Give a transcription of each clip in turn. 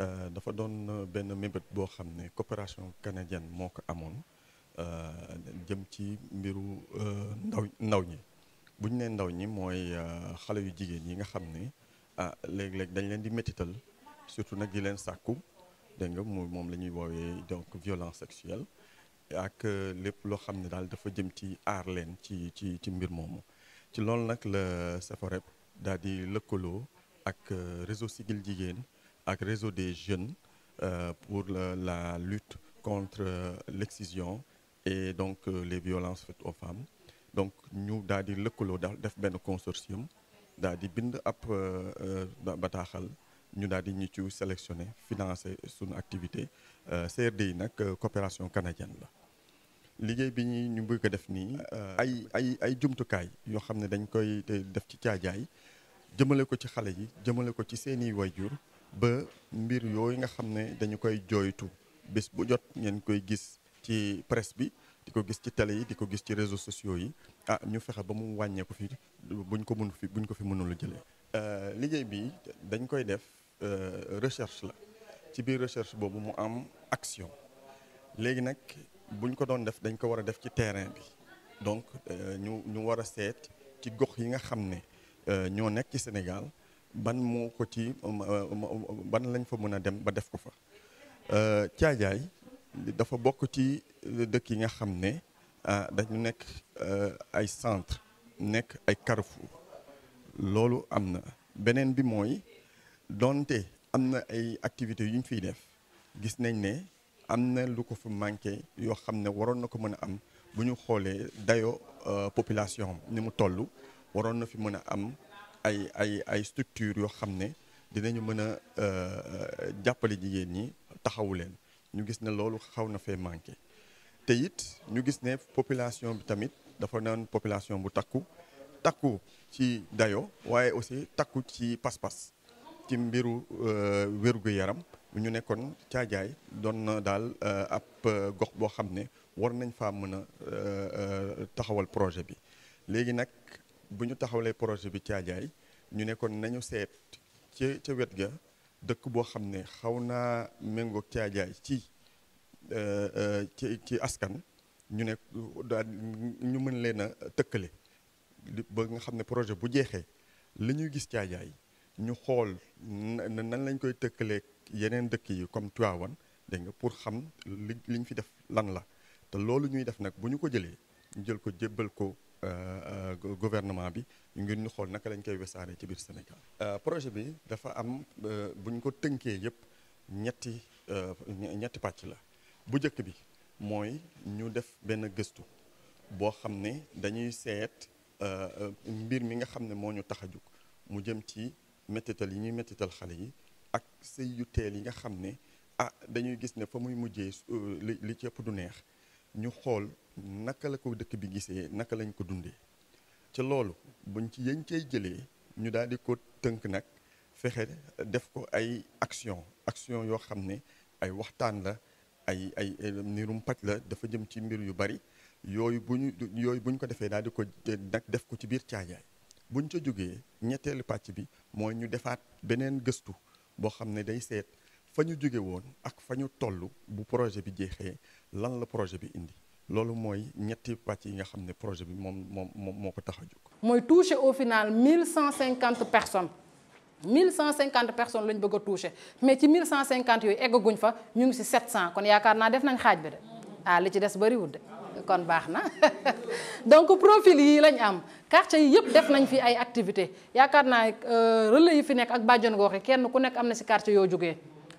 Euh, dafa doon euh, benn mébét boo xam ne coopération canadienne moo ko amoon euh, jëm ci mbiru ndaw ndaw ñi bu ñu nee ndaw ñi mooy xale yu jigéen yi nga xam ne ah léeg-léeg dañ leen di métital surtout nag di leen sàkku dégg nga moom la ñuy woowee donc violence sexuelle ak lépp loo xam ne daal dafa jëm ci aar leen ci ci ci mbir moomu ci loolu nag la Seforep daal di lëkkaloo ak réseau civil Jigéen ak réseau des jeunes euh, pour la, la lutte contre euh, l'excision et donc euh, les violences faites aux femmes donc ñu daal le lëkkaloo daal consortium daal après bind ab bataaxal ñu ci sélectionné financé son activité CRDI nag coopération canadienne la liggéey bi ñi ñu bëgg a def nii ay ay ay jumtukaay yoo xam ne dañ koy def ci caajaay jëmale ko ci xale yi jëmale ko ci seeni ba mbir yooyu nga xam ne dañu koy jooytu bés bu jot ngeen koy gis ci press bi di ko gis ci télé yi di ko gis ci réseau sociaux yi ah ñu fexe ba mu wàññeeku fi buñ ko mun fi buñ ko fi mënul a jëlee. Euh, liggéey bi dañ koy def euh, recherche la ci biir recherche boobu mu am action léegi nag buñ ko doon def dañ ko war a def ci terrain bi donc euh, ñu ñu war a seet ci gox yi nga xam ne ñoo nekk ci Sénégal. ban moo ko ci ban lañ fa mën a dem ba def ko fa caajaay euh, dafa bokk ci dëkk yi nga xam ne ah, dañu nekk euh, ay centre nekk ay carrefour loolu am na beneen bi mooy donte am na ay activités yu ñu fiy def gis nañ ne am na lu ko fa manqué yoo xam ne waroon na ko mën a am bu ñu xoolee dayo euh, population ni mu toll waroon na fi mën a am ay ay ay structures yoo xam ne dinañu mën a euh, jàppale jigéen ñi taxawu leen ñu gis ne loolu xaw na fee manqué te it ñu gis ne population bi tamit dafa naan population bu takku takku ci dayo waaye aussi takku ci pas-pas ci mbiru euh, wér-gu-yaram ñu nekkoon caajaay doon na daal euh, ab gox boo xam ne war nañ faa mën a taxawal projet bi léegi nag bu ñu taxawlee projet bi Caajaay ñu ne kon nañu seet ca ca wet ga dëkk boo xam ne xaw naa méngoog Caajaay ci euh, euh, ci ci askan ñu ne daal ñu mën leen a tëkkale ba nga xam ne projet bu jeexee li ñu gis Caajaay ñu xool na nan lañ koy tëkkalee yeneen dëkk yi comme Tivaouane dégg nga pour xam li li fi def lan la te loolu ñuy def nag bu ñu ko jëlee ñu jël ko jébbal ko Euh, euh, gouvernement bi ñu ngeen ñu xool naka lañ koy wesaare ci biir Sénégal. Euh, projet bi dafa am buñ ko tënkee yëpp ñetti ñetti pàcc la bu njëkk bi mooy ñu def benn gëstu boo xam ne dañuy seet mbir mi nga xam ne moo ñu tax a jóg mu jëm ci méttital yi ñuy méttital xale yi ak sëy yu teel yi nga xam ne ah dañuy gis ne fa muy mujjee li ci ëpp du neex ñu xool. naka la ko dëkk bi gisee naka lañ ko dundee ca loolu buñ ci yéen cay jëlee ñu daal di ko tënk nag fexe def ko ay action action yoo xam ne ay waxtaan la ay ay nirum paj la dafa jëm ci mbir yu bari yooyu bu ñu yooyu bu ko defee daal di ko nag def ko ci biir caajaay buñ ca jógee ñetteelu pàcc bi mooy ñu defaat beneen gëstu boo xam ne day seet fa ñu jóge woon ak fa ñu toll bu projet bi jeexee lan la projet bi indi loolu moy ñetti pàcc yi nga xamné projet bi mom mom moko taxaju moy touché au final 1150 personnes 1150 personnes lañ bëgg a toucher mais ci 1150 yoy égguñ fa ñu ngi si sept kon yaakaar naa def nañ xaaj bi de ah li ci des bariwul de kon baxna donc profil yi lañ am quartier yi yëpp def nañ fi ay activités yaakaar euh relais yi fi nek ak badjon gox yi kenn ku nek am na si quartier yo jógee.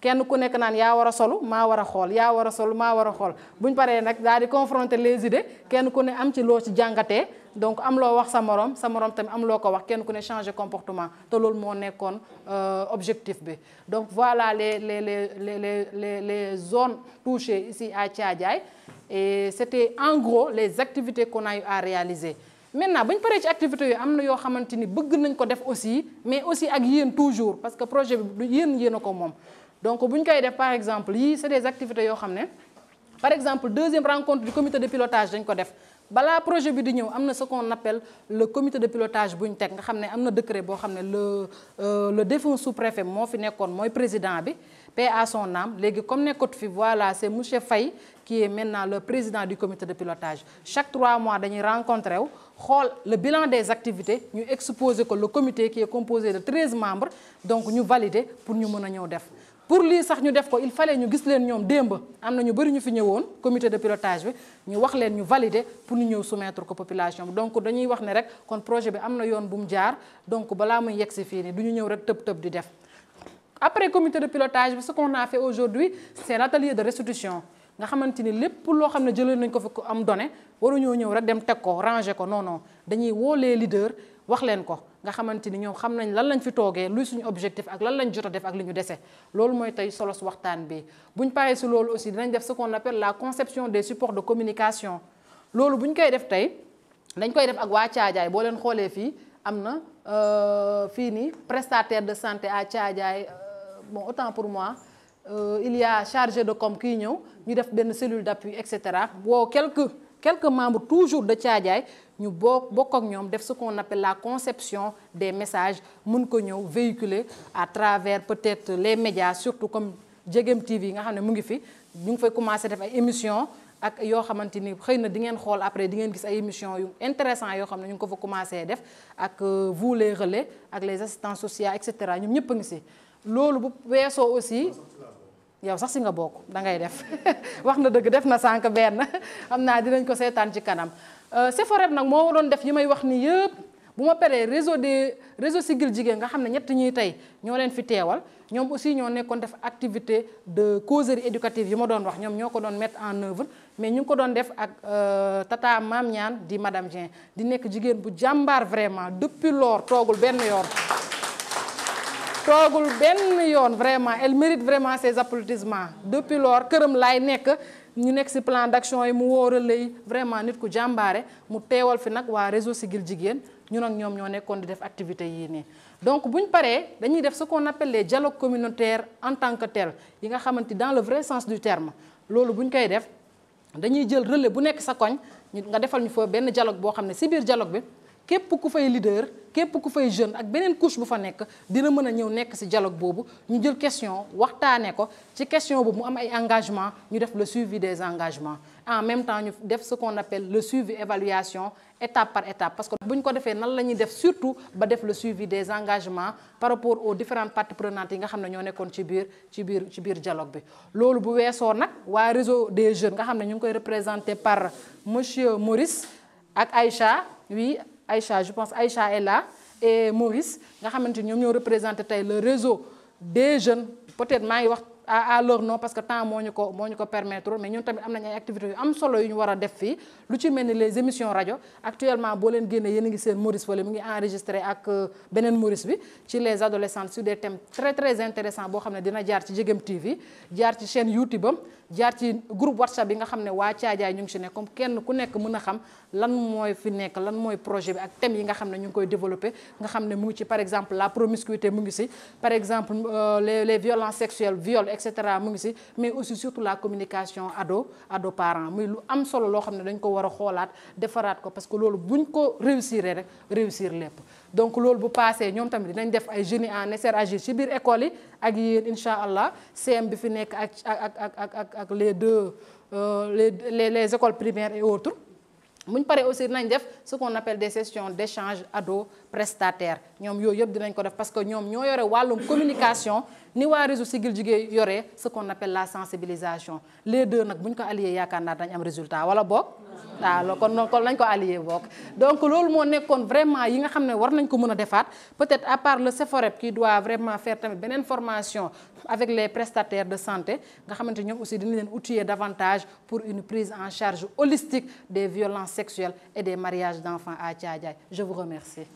kenn ku nekk naan yaa war a solu maa war a xool yaa war a solu maa war a xool buñ paree nag daal di confronter les idées kenn ku ne am ci loo ci jàngatee donc am loo wax sa morom sa morom tamit am loo ko wax kenn ku ne changer comportement te loolu moo nekkoon euh, objectif bi donc voilà les les les les les les zones touchées ici à Thiadiaye et c'était en gros les activités qu'on a eu à réaliser maintenant buñ ñu paree ci activités yooyu am na yoo xamante ni bëgg nañ ko def aussi mais aussi ak yéen toujours parce que projet bi du yéen yéen a ko moom donc si vous koy par exemple c'est des activités yoo par exemple deuxième rencontre du comité de pilotage dañ ko def projet bi di ce qu'on appelle le comité de pilotage bu ñu un décret le euh, le défunt sous-préfet moo président bi paix à son âme comme nekkut fi voilà c'est monsieur Faye qui est maintenant le président du comité de pilotage chaque trois mois nous rencontrons. le bilan des activités nous exposons que le comité qui est composé de 13 membres donc ñu validé pour nous montrer a pour lii sax ñu def ko il fallait ñu gis leen ñoom démb am na ñu bëri ñu fi ñëwoon comité de pilotage bi ñu wax leen ñu valider pour ñu ñëw soumettre ko population donc dañuy wax ne rek kon projet bi am na yoon bu jaar donc balaa muy yegg si fii nii du ñu ñëw rek tëb tëb di def. après comité de pilotage ce qu'on a fait aujourd'hui c'est l'atelier de restitution nga xamante ni lépp loo xam ne jëlee nañ ko fi am donné waruñoo ñëw rek dem teg ko ranger ko non non dañuy woo les leaders wax leen ko nga ni ñoom xam nañ lan lañ fi toogee luy suñu objectif ak lan lañ jot def ak li waxtaan bi aussi dinañ def ce qu'on appelle la conception des supports de communication loolu que koy def tey dañ koy def ak waa Caajaay boo leen xoolee fii am euh, prestataire de santé à Caajaay euh, bon autant pour moi euh, il y a chargé de com kii ñëw ñu def benn cellule d'appui etc. cetera quelques membres toujours de Tchadjaï, nous avons fait ce qu'on appelle la conception des messages nous ko ñëw véhiculer à travers peut-être les médias surtout comme Djegem TV nous avons commencé à faire fi ñu Nous avons def ay émissions ak yoo xamante ni après di gis ay émissions intéressantes, intéressant avons commencé euh, vous les relais avec les assistants sociaux etc. Nous avons commencé à ngi aussi yow sax si nga bokk da ngay def wax na deug def na sank ben amna dinañ ko seetaan ci kanam euh, Seforeb nak mo waroon def yimay wax ni yeb buma ma réseau de réseau sigil jigen, nga xam ñet ñuy tay ñoo leen fi téwal ñom aussi ñoo nekkon def activité de causerie éducative yima doon wax ñom ñoo ko doon mettre en œuvre mais ñu ko doon def ak euh, tata mam ñaan di madame Dieng di nekk jigen bu jambar vraiment depuis lors togul ben yor toogul ben yoon vraiment elle mérite vraiment ses applaudissements depuis lors keureum lay nek ñu nek ci plan d'action yi mu wóor vraiment nit ku jambaré mu teewal fi nak wa réseau civil, Jigéen ñun ak ñom ñoo nekkoon di def activité yi ni donc buñ paré dañuy def ce qu'on appelle les dialogues communautaires en tant que tel yi nga xamante dans le vrai sens du terme lolu buñ ñu koy def dañuy jël relais bu nek sa koñ nga défal ñu fa ben dialogue bo xamné ci bir dialogue bi képp ku fay leader képp ku fay jeune ak beneen couche bu fa nekk dina mën a ñëw nekk ci dialogue boobu ñu jël question waxtaanee ko ci question boobu mu am ay engagement ñu def le suivi des engagements en même temps ñu def ce qu'on appelle le suivi évaluation étape par étape parce que bu ñu ko defee nan surtout ba def le suivi des engagements par rapport aux différentes parties prenantes yi nga xam ne ñoo nekkoon ci biir ci biir ci biir dialogue bi loolu bu weesoo réseau des jeunes nga xam ne représenté par monsieur Maurice ak Aïcha oui Aïcha je pense Aïcha est là et Maurice nous avons ni ñoom représenter représenté le réseau des jeunes peut-être maa wax alors non parce que temps moo ñu ko moo ñu ko permettre mais ñun tamit am nañu ay activités yu am solo yu ñu war def fii lu ci mel les émissions radio actuellement boo leen génnee yéen a ngi seen Maurice fële mu ngi enregistré ak euh, beneen Maurice bi ci les adolescents sur des thèmes très très intéressants boo xam dina jaar ci Jegem TV jaar ci chaîne YouTube am jaar ci groupe WhatsApp bi nga xam ne waa Caajaay ñu ngi si ne comme kenn ku nekk mën xam lan moy fi nekk lan moy projet bi ak thèmes yi nga xam ne ñu ngi koy développé nga xam mu ci par exemple la promiscuité mu ngi si par exemple euh, les violences sexuelles viol etc. mais aussi surtout la communication ado ado parents. muy lu am solo loo xam ne dañ ko war a xoolaat ko parce que loolu buñ ko réussir rek réussir lépp donc loolu bu passé ñoom tamit dinañ def ay jeunes en SRAG ci biir école yi ak yéen incha allah CM bi fi nekk ak ak ak ak ak les deux euh, les les les écoles primaires et autres. Nous parlons aussi de def ce qu'on appelle des sessions d'échange ado prestataire Nous avons eu dinañ ko def parce que nous avons eu wàllum communication ni avons aussi ce qu'on appelle la sensibilisation les deux nous bu ko allié yaakaar résultat Voilà, ah, boog donc nous moo vraiment yi nga peut-être à part le CFOREP qui doit vraiment faire une formation avec les prestataires de santé nous avons aussi dina nous outiller davantage pour une prise en charge holistique des violences sexuelles et des mariages d'enfants à je vous remercie